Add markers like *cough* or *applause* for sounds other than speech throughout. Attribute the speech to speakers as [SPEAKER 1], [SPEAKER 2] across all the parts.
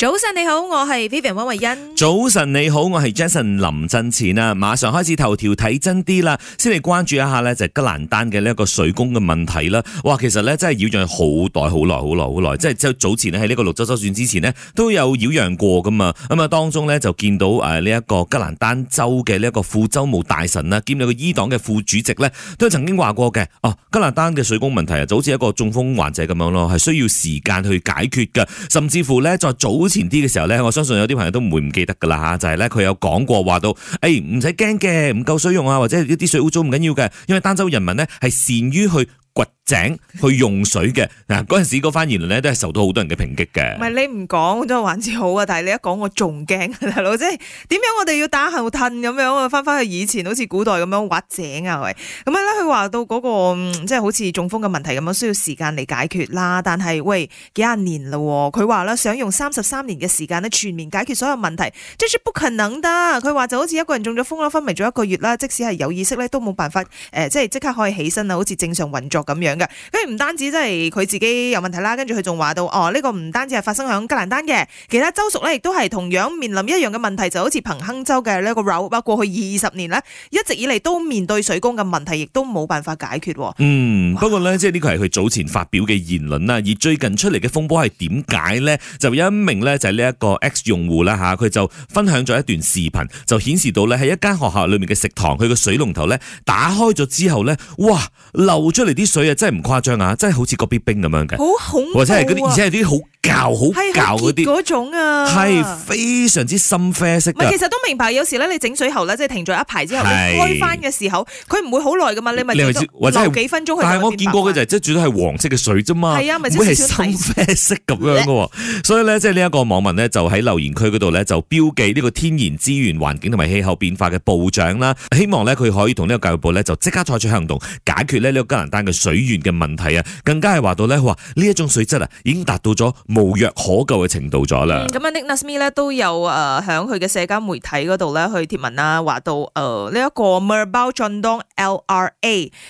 [SPEAKER 1] 早晨你好，我係 Vivian 溫慧欣。
[SPEAKER 2] 早晨你好，我係 Jason 林振前啊！馬上開始頭條睇真啲啦，先嚟關注一下呢就係吉蘭丹嘅呢一個水供嘅問題啦。哇，其實呢真係擾攘好耐，好耐，好耐，好耐。即係即係早前喺呢個六州州選之前呢，都有擾攘過噶嘛。咁、嗯、啊當中呢就見到誒呢一個吉蘭丹州嘅呢一個副州務大臣啦，兼有個伊黨嘅副主席呢，都曾經話過嘅。哦、啊，吉蘭丹嘅水供問題啊，就好似一個中風患者咁樣咯，係需要時間去解決嘅。甚至乎呢，在早前啲嘅時候咧，我相信有啲朋友都唔會唔記得噶啦吓，就係咧佢有講過話到，誒唔使驚嘅，唔夠水用啊，或者一啲水污糟唔緊要嘅，因為單州人民咧係善於去掘。井去用水嘅，嗱，嗰陣時嗰番言論咧都係受到好多人嘅抨擊嘅。
[SPEAKER 1] 唔係你唔講嗰個環節好啊，但係你一講我仲驚，大佬即係點樣我哋要打後盾咁樣啊？翻翻去以前好似古代咁樣挖井啊。喂，咁樣咧佢話到嗰個即係好似中風嘅問題咁樣，需要時間嚟解決啦。但係喂，幾廿年啦，佢話啦想用三十三年嘅時間咧全面解決所有問題，即係不可能得。佢話就好似一個人中咗風啦，昏迷咗一個月啦，即使係有意識咧都冇辦法誒，即係即刻可以起身啊，好似正常運作咁樣。跟住唔單止即係佢自己有問題啦，跟住佢仲話到哦，呢個唔單止係發生響格蘭丹嘅，其他州屬咧亦都係同樣面臨一樣嘅問題，就好似彭亨州嘅呢一個 round，包括過去二十年咧，一直以嚟都面對水供嘅問題，亦都冇辦法解決。嗯，
[SPEAKER 2] 不過呢，即係呢個係佢早前發表嘅言論啦，而最近出嚟嘅風波係點解呢？就有一名呢，就係呢一個 X 用戶啦吓，佢就分享咗一段視頻，就顯示到呢，喺一間學校裏面嘅食堂，佢個水龍頭呢打開咗之後呢，哇，流出嚟啲水啊，真係～唔誇張啊，真係好似個冰冰咁樣嘅，好恐怖啊，或者係嗰啲，而且係啲好教好啲嗰種啊，係非常之深啡色。咪其實
[SPEAKER 1] 都明白，有時咧你整水喉咧，即係停咗一排之後，是你開翻嘅時候，佢唔會好耐噶嘛。你咪或者係幾分鐘。但係我見過嘅
[SPEAKER 2] 就係即係最多係黃色嘅水啫嘛。係啊，唔會係深啡色咁樣噶。啊、所以咧，即係呢一個網民咧就喺留言區嗰度咧就標記呢個天然資源環境同埋氣候變化嘅部長啦。希望咧佢可以同呢個教育部咧就即刻採取行動，解決咧呢個吉蘭丹嘅水源嘅問題啊。更加係話到咧話呢一種水質啊，已經達到咗。無藥可救嘅程度咗啦。
[SPEAKER 1] 咁啊，Nik Nazmi 咧都有誒喺佢嘅社交媒體嗰度咧去貼文啦，話到誒呢一個 Merbau Jandong LRA，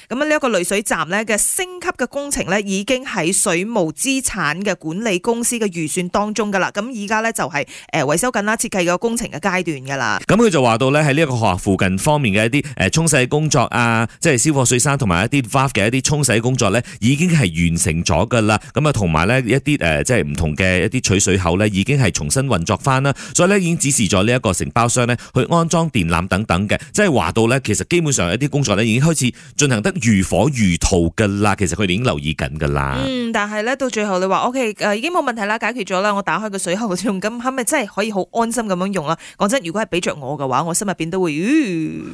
[SPEAKER 1] 咁啊呢一個濾水站咧嘅升級嘅工程咧已經喺水務資產嘅管理公司嘅預算當中㗎啦。咁而家咧就係誒維修緊啦，設計嘅工程嘅階段㗎啦。
[SPEAKER 2] 咁佢就話到咧喺呢一個學校附近方面嘅一啲誒沖洗工作啊，即係消防水箱同埋一啲 Valve 嘅一啲沖洗工作咧已經係完成咗㗎啦。咁啊同埋咧一啲誒即係。唔同嘅一啲取水口咧，已經係重新運作翻啦，所以咧已經指示咗呢一個承包商咧去安裝電纜等等嘅，即係話到咧，其實基本上一啲工作咧已經開始進行得如火如荼噶啦，其實佢哋已經留意緊噶啦。嗯，
[SPEAKER 1] 但係咧到最後你話，O K，誒，已經冇問題啦，解決咗啦，我打開個水口用，咁係咪真係可以好安心咁樣用啦。講真，如果係俾着我嘅話，我心入邊都會、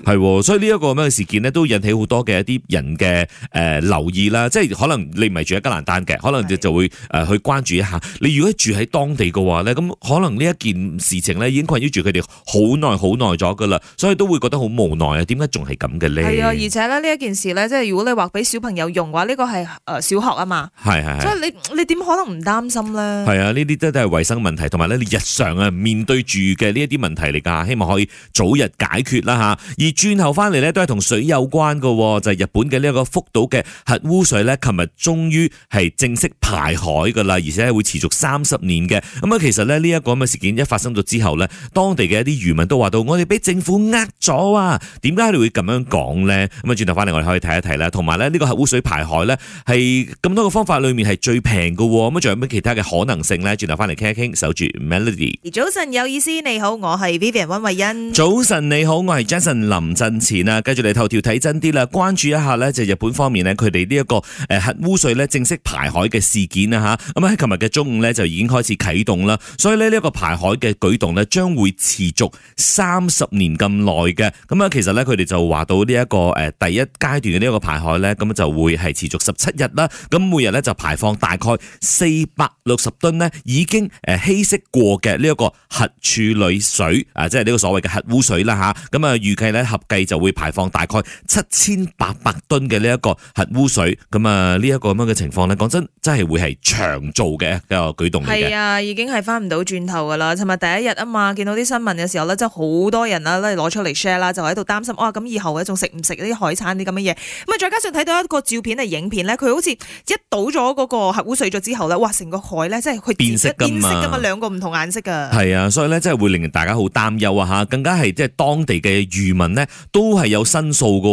[SPEAKER 1] 呃、
[SPEAKER 2] 係、哦，所以呢一個咩事件呢，都引起好多嘅一啲人嘅誒、呃、留意啦，即係可能你唔係住喺吉蘭丹嘅，可能就就會誒、呃、去關注一下。你如果住喺當地嘅話咧，咁可能呢一件事情咧已經困擾住佢哋好耐好耐咗噶啦，所以都會覺得好無奈啊！點解仲係咁嘅咧？係啊，而
[SPEAKER 1] 且咧呢一件事咧，即係如果你話俾小朋友用嘅話，呢個係誒小學啊嘛，
[SPEAKER 2] 係係的，所以
[SPEAKER 1] 你你點可能唔擔心咧？係
[SPEAKER 2] 啊，呢啲都都係衞生問題，同埋咧你日常啊面對住嘅呢一啲問題嚟噶，希望可以早日解決啦嚇。而轉頭翻嚟咧，都係同水有關嘅，就係、是、日本嘅呢一個福島嘅核污水咧，琴日終於係正式排海嘅啦，而且會。持續三十年嘅。咁啊，其實咧呢一個咁嘅事件一發生咗之後呢當地嘅一啲漁民都話到：「我哋俾政府呃咗啊！點解你會咁樣講呢？」咁啊，轉頭翻嚟我哋可以睇一睇啦。同埋呢個核污水排海呢，係咁多個方法裏面係最平嘅。咁仲有咩其他嘅可能性呢？轉頭翻嚟傾一傾，守住 Melody。
[SPEAKER 1] 早晨有意思，你好，我係 Vivian 溫慧欣。
[SPEAKER 2] 早晨你好，我係 Jason 林振前啊！繼續嚟頭條睇真啲啦，關注一下呢，就日本方面呢，佢哋呢一個誒核污水呢正式排海嘅事件啊吓。咁喺琴日嘅中咧就已經開始啟動啦，所以咧呢一個排海嘅舉動咧，將會持續三十年咁耐嘅。咁啊，其實咧佢哋就話到呢一個誒第一階段嘅呢一個排海咧，咁就會係持續十七日啦。咁每日咧就排放大概四百六十噸呢已經誒稀釋過嘅呢一個核處理水啊，即係呢個所謂嘅核污水啦嚇。咁啊預計咧合計就會排放大概七千八百噸嘅呢一個核污水。咁啊呢一個咁樣嘅情況咧，講真真係會係長做嘅。係啊，
[SPEAKER 1] 已經係翻唔到轉頭噶啦。尋日第一日啊嘛，見到啲新聞嘅時候咧，真係好多人啊，攞出嚟 share 啦，就喺度擔心。哇、啊，咁以後仲食唔食啲海產啲咁嘅嘢？咁啊，再加上睇到一個照片係影片咧，佢好似一倒咗嗰個核污水咗之後咧，哇！成個海咧，即係佢變色噶嘛，兩個唔同顏色噶。
[SPEAKER 2] 係啊，所以咧，真係會令到大家好擔憂啊！吓，更加係即係當地嘅漁民呢，都係有申訴噶。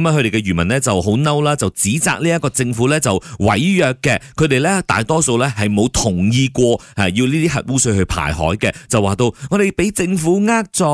[SPEAKER 2] 咁啊，佢哋嘅漁民呢，就好嬲啦，就指責呢一個政府咧就違約嘅。佢哋咧大多數咧係冇同意過係要呢啲核污水去排海嘅，就話到我哋俾政府呃咗，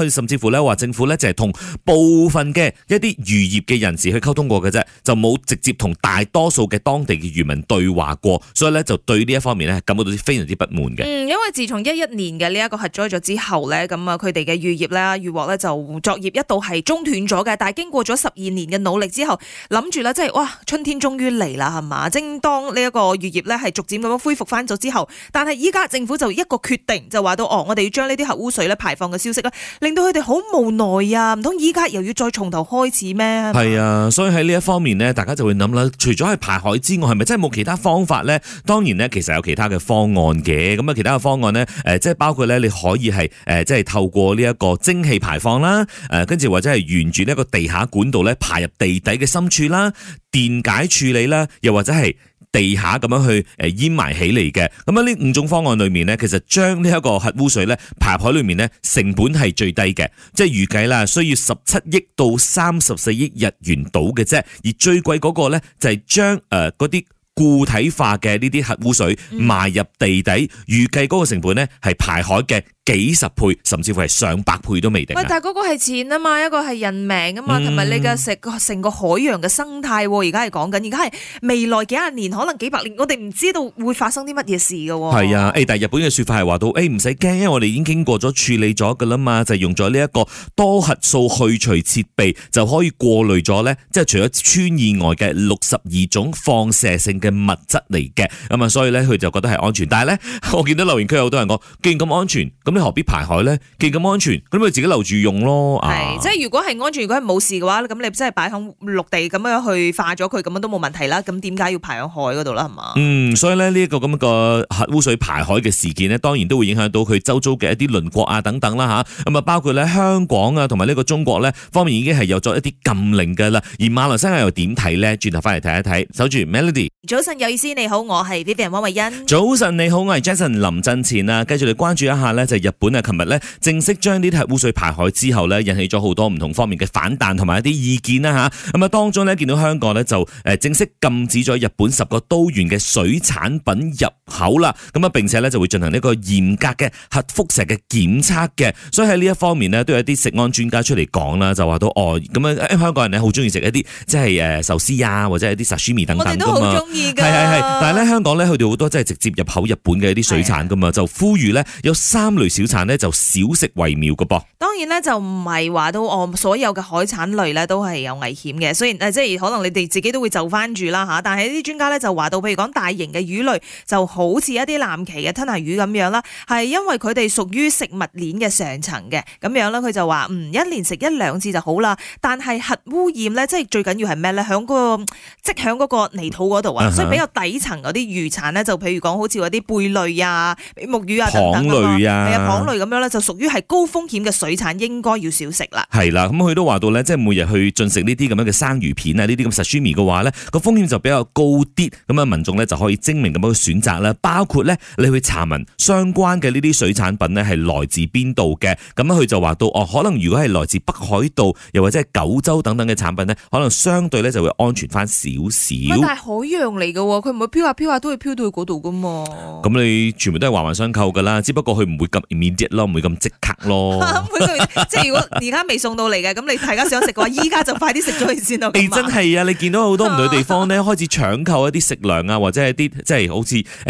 [SPEAKER 2] 佢甚至乎咧話政府咧就係同部分嘅一啲漁業嘅人士去溝通過嘅啫，就冇直接同大多數嘅當地嘅漁民對話過，所以咧就對呢一方面咧感到非常之不滿嘅。嗯，
[SPEAKER 1] 因為自從一一年嘅呢一個核災咗之後咧，咁啊佢哋嘅漁業啦，漁獲咧就作業一度係中斷咗嘅，但係經過咗十二年嘅努力之後，諗住咧即係哇春天終於嚟啦，係嘛，正當呢一個漁業咧係逐漸咁樣恢復。翻咗之後，但係依家政府就一個決定，就話到哦，我哋要將呢啲核污水咧排放嘅消息咧，令到佢哋好無奈啊！唔通依家又要再從頭開始咩？係
[SPEAKER 2] 啊，所以喺呢一方面呢，大家就會諗啦，除咗係排海之外，係咪真係冇其他方法呢？當然呢，其實有其他嘅方案嘅。咁啊，其他嘅方案呢，誒，即係包括咧，你可以係誒，即係透過呢一個蒸汽排放啦，誒，跟住或者係沿住呢個地下管道呢，排入地底嘅深處啦。電解處理啦，又或者係地下咁樣去誒掩埋起嚟嘅。咁樣呢五種方案裏面咧，其實將呢一個核污水咧排海裏面咧，成本係最低嘅，即係預計啦，需要十七億到三十四億日元到嘅啫，而最貴嗰個咧就係將誒嗰啲固體化嘅呢啲核污水埋入地底，預計嗰個成本咧係排海嘅。幾十倍，甚至乎係上百倍都未定。喂，但
[SPEAKER 1] 係嗰個係錢啊嘛，一個係人命啊嘛，同埋、嗯、你嘅成個成個海洋嘅生態、啊，而家係講緊，而家係未來幾廿年，可能幾百年，我哋唔知道會發生啲乜嘢事嘅。係啊，誒、
[SPEAKER 2] 啊欸，但係日本嘅說法係話到，誒唔使驚，因為我哋已經經過咗處理咗嘅啦嘛，就係、是、用咗呢一個多核素去除設備就可以過濾咗咧，即係除咗氚以外嘅六十二種放射性嘅物質嚟嘅，咁啊，所以咧佢就覺得係安全。但係咧，我見到留言區有好多人講，既然咁安全。你何必排海咧？既然咁安全，咁咪自己留住用咯。係，即
[SPEAKER 1] 係如果係安全，如果係冇事嘅話，咁你真係擺響陸地咁樣去化咗佢，咁樣都冇問題啦。咁點解要排響海嗰度啦？係嘛？
[SPEAKER 2] 嗯，所以咧呢一個咁個核污水排海嘅事件呢，當然都會影響到佢周遭嘅一啲鄰國啊等等啦吓。咁啊，包括咧香港啊，同埋呢個中國咧方面，已經係有咗一啲禁令噶啦。而馬來西亞又點睇咧？轉頭翻嚟睇一睇，守住 Melody。
[SPEAKER 1] 早晨有意思，你好，我係 Vivian 汪惠恩。
[SPEAKER 2] 早晨你好，我係 Jason 林振前啊，繼續嚟關注一下咧就是。日本啊，琴日咧正式將呢啲係污水排海之後咧，引起咗好多唔同方面嘅反彈同埋一啲意見啦吓，咁啊，當中咧見到香港咧就誒正式禁止咗日本十個都縣嘅水產品入口啦。咁啊，並且咧就會進行呢個嚴格嘅核輻射嘅檢測嘅。所以喺呢一方面呢都有一啲食安專家出嚟講啦，就話到哦，咁、嗯、啊，香港人咧好中意食一啲即係誒壽司啊，或者係啲 sashimi 等等係啊。係但係咧香港咧，佢哋好多即係直接入口日本嘅一啲水產噶嘛，的就呼籲咧有三類，小產咧就少食為妙嘅噃。
[SPEAKER 1] 當然咧就唔係話到我所有嘅海產類咧都係有危險嘅。雖然誒即係可能你哋自己都會就翻住啦嚇。但係呢啲專家咧就話到，譬如講大型嘅魚類就好似一啲藍鰭嘅吞拿魚咁樣啦，係因為佢哋屬於食物鏈嘅上層嘅咁樣咧，佢就話唔，一年食一兩次就好啦。但係核污染咧，即係最緊要係咩咧？響嗰個即響嗰個泥土嗰度啊，所以比較底層嗰啲魚產咧，就譬如講好似嗰啲貝類啊、木魚啊等等類啊港類咁樣咧，就屬於係高風險嘅水產應該，應該要少食啦。
[SPEAKER 2] 係啦，咁佢都話到咧，即係每日去進食呢啲咁樣嘅生魚片啊，呢啲咁壽司嘅話咧，個風險就比較高啲。咁啊，民眾咧就可以精明咁樣去選擇啦。包括咧，你去查問相關嘅呢啲水產品咧係來自邊度嘅。咁佢就話到哦，可能如果係來自北海道，又或者係九州等等嘅產品咧，可能相對咧就會安全翻少少。但係
[SPEAKER 1] 海洋嚟嘅喎，佢唔會飄下飄下都會飄到去嗰度噶嘛。
[SPEAKER 2] 咁你全部都係環環相扣噶啦，只不過佢唔會咁。面啲咯，唔會咁即刻咯。每個月，即係如果
[SPEAKER 1] 而家未送到嚟嘅，咁 *laughs* 你大家想食嘅話，依家就快啲食咗佢先咯。你、欸、真係
[SPEAKER 2] 啊！你見到好多唔同嘅地方咧， *laughs* 開始搶購一啲食糧啊，或者係啲即係好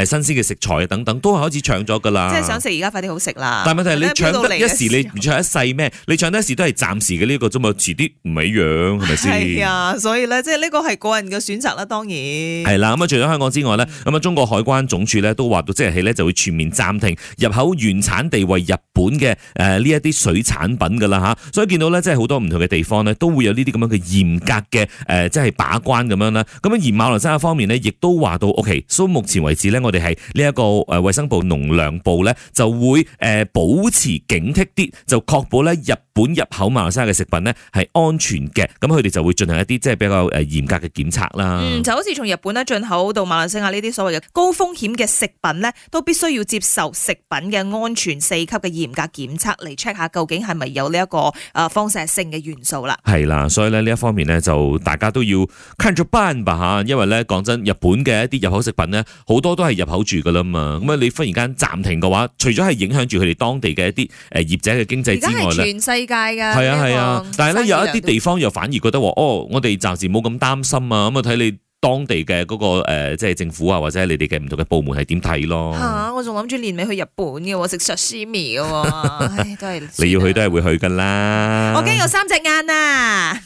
[SPEAKER 2] 似誒新鮮嘅食材啊等等，都係開始搶咗噶啦。即係想
[SPEAKER 1] 食而家快啲好食啦。但係問題係你搶得嚟，一時，時
[SPEAKER 2] 你唔搶一世咩？你搶得一時都係暫時嘅呢一個啫嘛，遲啲唔一樣係咪先？係啊，
[SPEAKER 1] 所以咧，即係呢個係個人嘅選擇啦，當然
[SPEAKER 2] 係啦。咁啊，除咗香港之外咧，咁啊、嗯，中國海關總署咧都話到即日起咧就會全面暫停入口原產地為日本嘅誒呢一啲水產品噶啦嚇，所以見到咧，即係好多唔同嘅地方咧，都會有呢啲咁樣嘅嚴格嘅誒，即係把關咁樣啦。咁而馬來西亞方面呢，亦都話到 OK，所以目前為止咧，我哋係呢一個誒衞生部農糧部咧，就會誒保持警惕啲，就確保咧日本入口馬來西亞嘅食品呢係安全嘅。咁佢哋就會進行一啲即係比較誒嚴格嘅檢測啦。嗯，
[SPEAKER 1] 就好似從日本咧進口到馬來西亞呢啲所謂嘅高風險嘅食品呢，都必須要接受食品嘅安全。四級嘅嚴格檢測嚟 check 下究竟係咪有呢一個誒放射性嘅元素啦，
[SPEAKER 2] 係啦，所以咧呢一方面咧就大家都要 keep 住 ban 吧吓，因為咧講真的，日本嘅一啲入口食品咧好多都係入口住噶啦嘛，咁啊你忽然間暫停嘅話，除咗係影響住佢哋當地嘅一啲誒業者嘅經濟之外咧，係全
[SPEAKER 1] 世界噶係啊係啊，
[SPEAKER 2] 但係咧有一啲地方又反而覺得話，哦，我哋暫時冇咁擔心啊，咁啊睇你。當地嘅嗰、那個即係、呃、政府啊，或者你哋嘅唔同嘅部門係點睇咯？嚇、
[SPEAKER 1] 啊！我仲諗住年尾去日本嘅喎，食壽司嘅喎，唉，都
[SPEAKER 2] 係你要去都係會去㗎啦。我驚有
[SPEAKER 1] 三隻眼啊！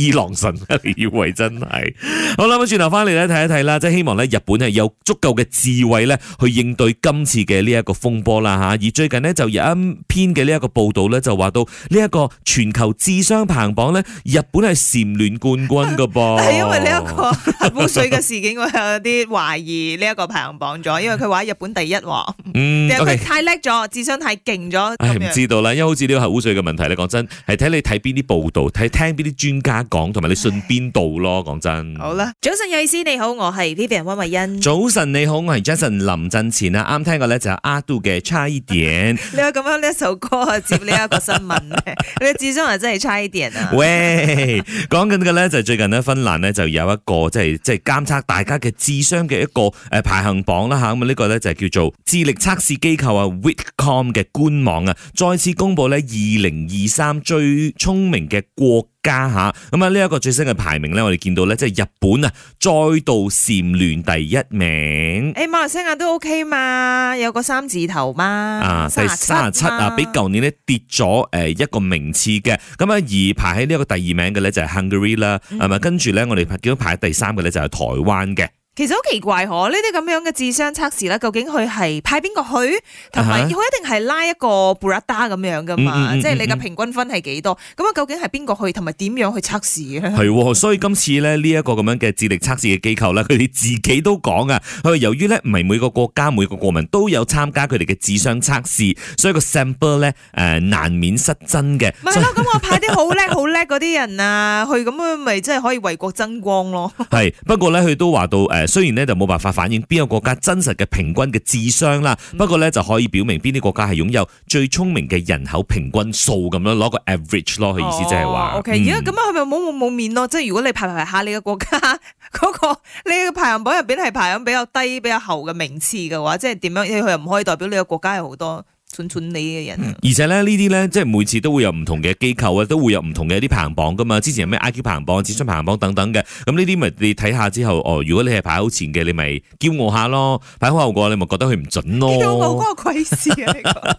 [SPEAKER 2] 伊朗神以為真係好啦，咁轉頭翻嚟咧睇一睇啦，即係希望咧日本係有足夠嘅智慧咧去應對今次嘅呢一個風波啦嚇。而最近咧就有一篇嘅呢一個報導咧就話到呢一個全球智商排行榜咧，日本係蟬聯冠軍嘅噃。係 *laughs* 因為呢一個核
[SPEAKER 1] 污水嘅事件，我有啲懷疑呢一個排行榜咗，因為佢話日本第一喎，嗯，佢係太叻咗，okay 智商太勁咗。唉，唔知
[SPEAKER 2] 道啦，因為好似呢個核污水嘅問題，你講真係睇你睇邊啲報導，睇聽邊啲專家。講同埋你信邊度咯？講唉真，
[SPEAKER 1] 好啦，早晨，有藝師你好，我係 Vivian 温慧欣。
[SPEAKER 2] 早晨你好，我係 Jason。林振前啊，啱聽過咧就阿杜嘅 c h 差一點。 *laughs* 你
[SPEAKER 1] 有咁樣呢一首歌啊？接呢一個新聞 *laughs* 你嘅智商係真係差一點啊？喂，
[SPEAKER 2] 講緊嘅咧就最近呢，芬蘭呢就有一個即係即係監測大家嘅智商嘅一個誒排行榜啦吓。咁呢個咧就叫做智力測試機構啊，Witcom 嘅官網啊，再次公布咧二零二三最聰明嘅國。加吓咁啊！呢一個最新嘅排名咧，我哋見到咧，即係日本啊，再度蟬聯第一名。
[SPEAKER 1] 誒、哎，馬來西亞都 OK 嘛，有個三字頭嘛。啊，第三十七啊，比
[SPEAKER 2] 舊年咧跌咗誒一個名次嘅。咁啊，而排喺呢一個第二名嘅咧就係 Hungary 啦、嗯嗯。係咪？跟住咧，我哋見到排喺第三嘅咧就係台灣嘅。
[SPEAKER 1] 其實好奇怪呢啲咁樣嘅智商測試咧，究竟佢係派邊個去，同埋佢一定係拉一個 brother 咁樣噶嘛？即係你嘅平均分係幾多？咁啊，究竟係邊個去，同埋點樣去測試嘅？係
[SPEAKER 2] 喎，所以今次咧呢一個咁樣嘅智力測試嘅機構呢，佢哋自己都講啊，佢由於呢唔係每個國家每個國民都有參加佢哋嘅智商測試，所以個 sample 呢誒難免失真嘅。咪係
[SPEAKER 1] 咯，咁我派啲好叻好，嗰啲人啊，去咁啊，咪真係可以為國爭光咯。
[SPEAKER 2] 係，不過咧，佢都話到，誒，雖然咧就冇辦法反映邊個國家真實嘅平均嘅智商啦，不過咧就可以表明邊啲國家係擁有最聰明嘅人口平均數咁樣攞個 average 咯。佢意思即係話，O K，而家
[SPEAKER 1] 咁樣係咪冇冇冇面咯？即係如果你排排下呢個國家嗰、嗰個你嘅排行榜入邊係排行比較低、比較後嘅名次嘅話，即係點樣？因為佢又唔可以代表你個國家有好多。
[SPEAKER 2] 蠢蠢你嘅人，嗯，而且咧呢啲咧即係每次都會有唔同嘅機構啊，都會有唔同嘅一啲排行榜噶嘛。之前有咩 IQ 排行榜、智商排行榜等等嘅，咁呢啲咪你睇下之後哦。如果你係排好前嘅，你咪驕傲下咯；排好後嘅話，你咪覺得佢唔準咯。驕傲嗰個鬼事啊！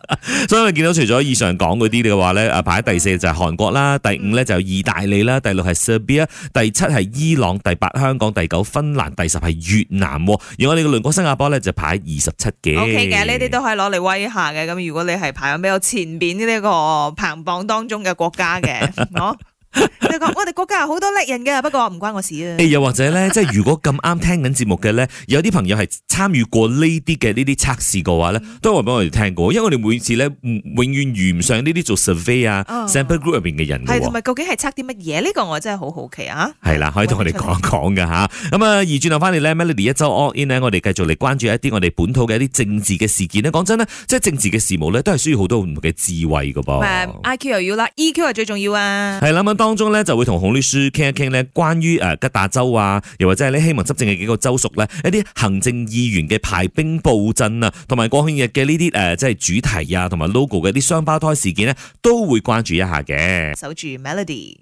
[SPEAKER 2] 所以咪見到除咗以上講嗰啲嘅話咧，啊 *laughs* 排第四就係韓國啦，第五咧就係義大利啦， *laughs* 第六係 Serbia，第七係伊朗，第八香港，第九芬蘭，第十係越南。而我哋嘅鄰國新加坡咧就排二十七嘅。O K 嘅，呢啲都可以攞嚟
[SPEAKER 1] 威下嘅咁。如果你係排喺比較前邊呢個排行榜當中嘅國家嘅， *laughs* 啊 *laughs* 你講我哋國家好多叻人嘅，不過唔關我事啊。又、
[SPEAKER 2] 哎、或者咧，即係如果咁啱聽緊節目嘅咧，有啲朋友係參與過呢啲嘅呢啲測試嘅話咧，嗯，都話俾我哋聽過，因為我哋每次咧永遠遇唔上呢啲做 survey 啊，哦，sample group 入邊嘅人嘅。同埋，
[SPEAKER 1] 究竟係測啲乜嘢？呢，呢個我真係好好奇啊！
[SPEAKER 2] 係啦，可以同我哋講一講嘅吓。咁啊，而轉頭翻嚟咧，Melody 一周 all in 咧，我哋繼續嚟關注一啲我哋本土嘅一啲政治嘅事件咧。講真呢，即係政治嘅事務咧，都係需要好多嘅智慧嘅噃。
[SPEAKER 1] I Q 又要啦，E Q 係最重要啊。係
[SPEAKER 2] 當中咧就會同洪律師傾一傾咧，關於誒吉打州啊，又或者係呢，希望執政嘅幾個州屬咧一啲行政議員嘅排兵布陣啊，同埋國慶日嘅呢啲誒即係主題啊，同埋 logo 嘅啲雙胞胎事件咧，都會關注一下嘅。
[SPEAKER 1] 守住 Melody。